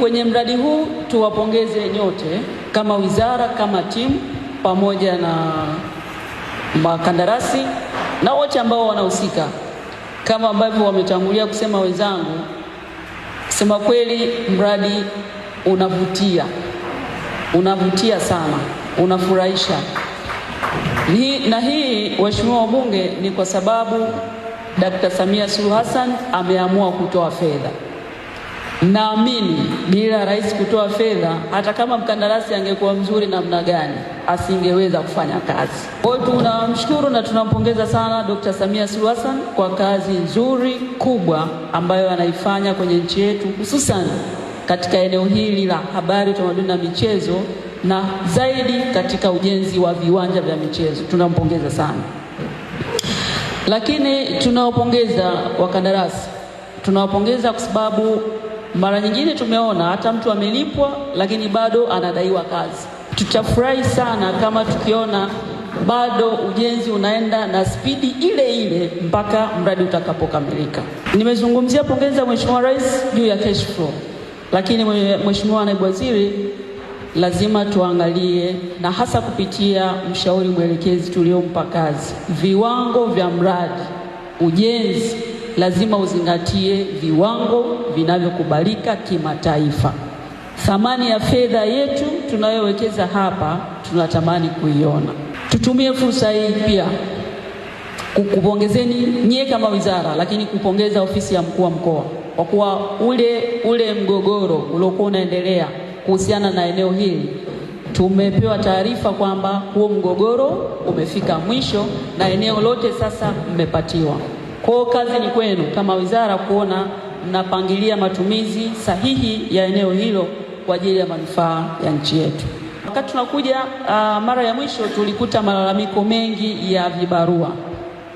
Kwenye mradi huu tuwapongeze nyote kama wizara, kama timu, pamoja na makandarasi na wote ambao wanahusika. Kama ambavyo wametangulia kusema wenzangu, kusema kweli, mradi unavutia, unavutia sana, unafurahisha. Na hii, waheshimiwa wabunge, ni kwa sababu Dkt. Samia Suluhu Hassan ameamua kutoa fedha Naamini bila rais kutoa fedha, hata kama mkandarasi angekuwa mzuri namna gani, asingeweza kufanya kazi. Kwa hiyo tunamshukuru na tunampongeza sana Dr. Samia Suluhu Hassan kwa kazi nzuri kubwa ambayo anaifanya kwenye nchi yetu, hususan katika eneo hili la habari, utamaduni na michezo, na zaidi katika ujenzi wa viwanja vya michezo. Tunampongeza sana, lakini tunawapongeza wakandarasi, tunawapongeza kwa sababu mara nyingine tumeona hata mtu amelipwa lakini bado anadaiwa kazi. Tutafurahi sana kama tukiona bado ujenzi unaenda na spidi ile ile mpaka mradi utakapokamilika. Nimezungumzia pongezi ya Mheshimiwa Rais juu ya cash flow, lakini Mheshimiwa Naibu Waziri, lazima tuangalie na hasa kupitia mshauri mwelekezi tuliompa kazi, viwango vya mradi ujenzi lazima uzingatie viwango vinavyokubalika kimataifa. Thamani ya fedha yetu tunayowekeza hapa tunatamani kuiona. Tutumie fursa hii pia kukupongezeni nyie kama wizara, lakini kupongeza ofisi ya mkuu wa mkoa kwa kuwa ule, ule mgogoro uliokuwa unaendelea kuhusiana na eneo hili tumepewa taarifa kwamba huo mgogoro umefika mwisho na eneo lote sasa mmepatiwa. Kwa kazi ni kwenu kama wizara kuona mnapangilia matumizi sahihi ya eneo hilo kwa ajili ya manufaa ya nchi yetu. Wakati tunakuja uh, mara ya mwisho tulikuta malalamiko mengi ya vibarua,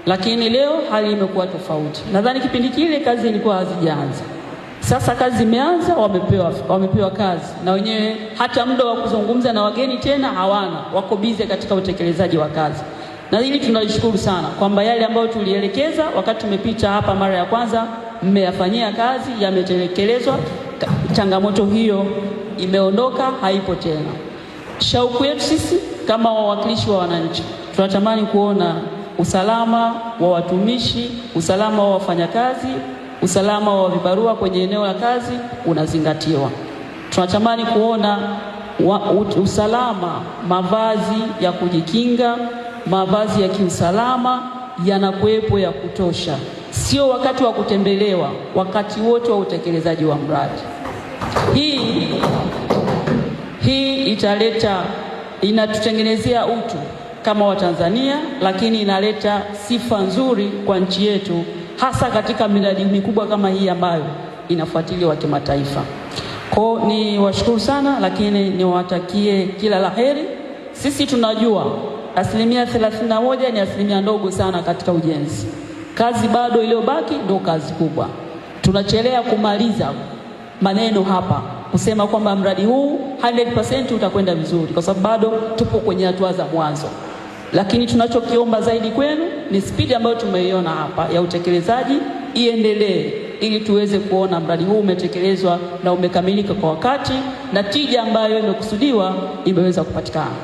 lakini leo hali imekuwa tofauti. Nadhani kipindi kile kazi ilikuwa hazijaanza, sasa kazi imeanza, wamepewa, wamepewa kazi na wenyewe, hata muda wa kuzungumza na wageni tena hawana, wako bize katika utekelezaji wa kazi na hili tunalishukuru sana kwamba yale ambayo tulielekeza wakati tumepita hapa mara ya kwanza mmeyafanyia kazi, yametekelezwa. Changamoto hiyo imeondoka, haipo tena. Shauku yetu sisi kama wawakilishi wa wananchi, tunatamani kuona usalama wa watumishi, usalama wa wafanyakazi, usalama wa vibarua kwenye eneo la kazi unazingatiwa. Tunatamani kuona wa, usalama, mavazi ya kujikinga mavazi ya kiusalama yanakuwepo ya kutosha, sio wakati wa kutembelewa, wakati wote wa utekelezaji wa mradi. Hii hii italeta inatutengenezea utu kama Watanzania, lakini inaleta sifa nzuri kwa nchi yetu, hasa katika miradi mikubwa kama hii ambayo inafuatiliwa kimataifa. Kwa ni washukuru sana, lakini niwatakie kila laheri Sisi tunajua asilimia 31 ni asilimia ndogo sana katika ujenzi. Kazi bado iliyobaki ndo kazi kubwa. Tunachelea kumaliza maneno hapa kusema kwamba mradi huu 100% utakwenda vizuri, kwa sababu bado tupo kwenye hatua za mwanzo, lakini tunachokiomba zaidi kwenu ni spidi ambayo tumeiona hapa ya utekelezaji iendelee, ili tuweze kuona mradi huu umetekelezwa na umekamilika kwa wakati na tija ambayo imekusudiwa imeweza kupatikana.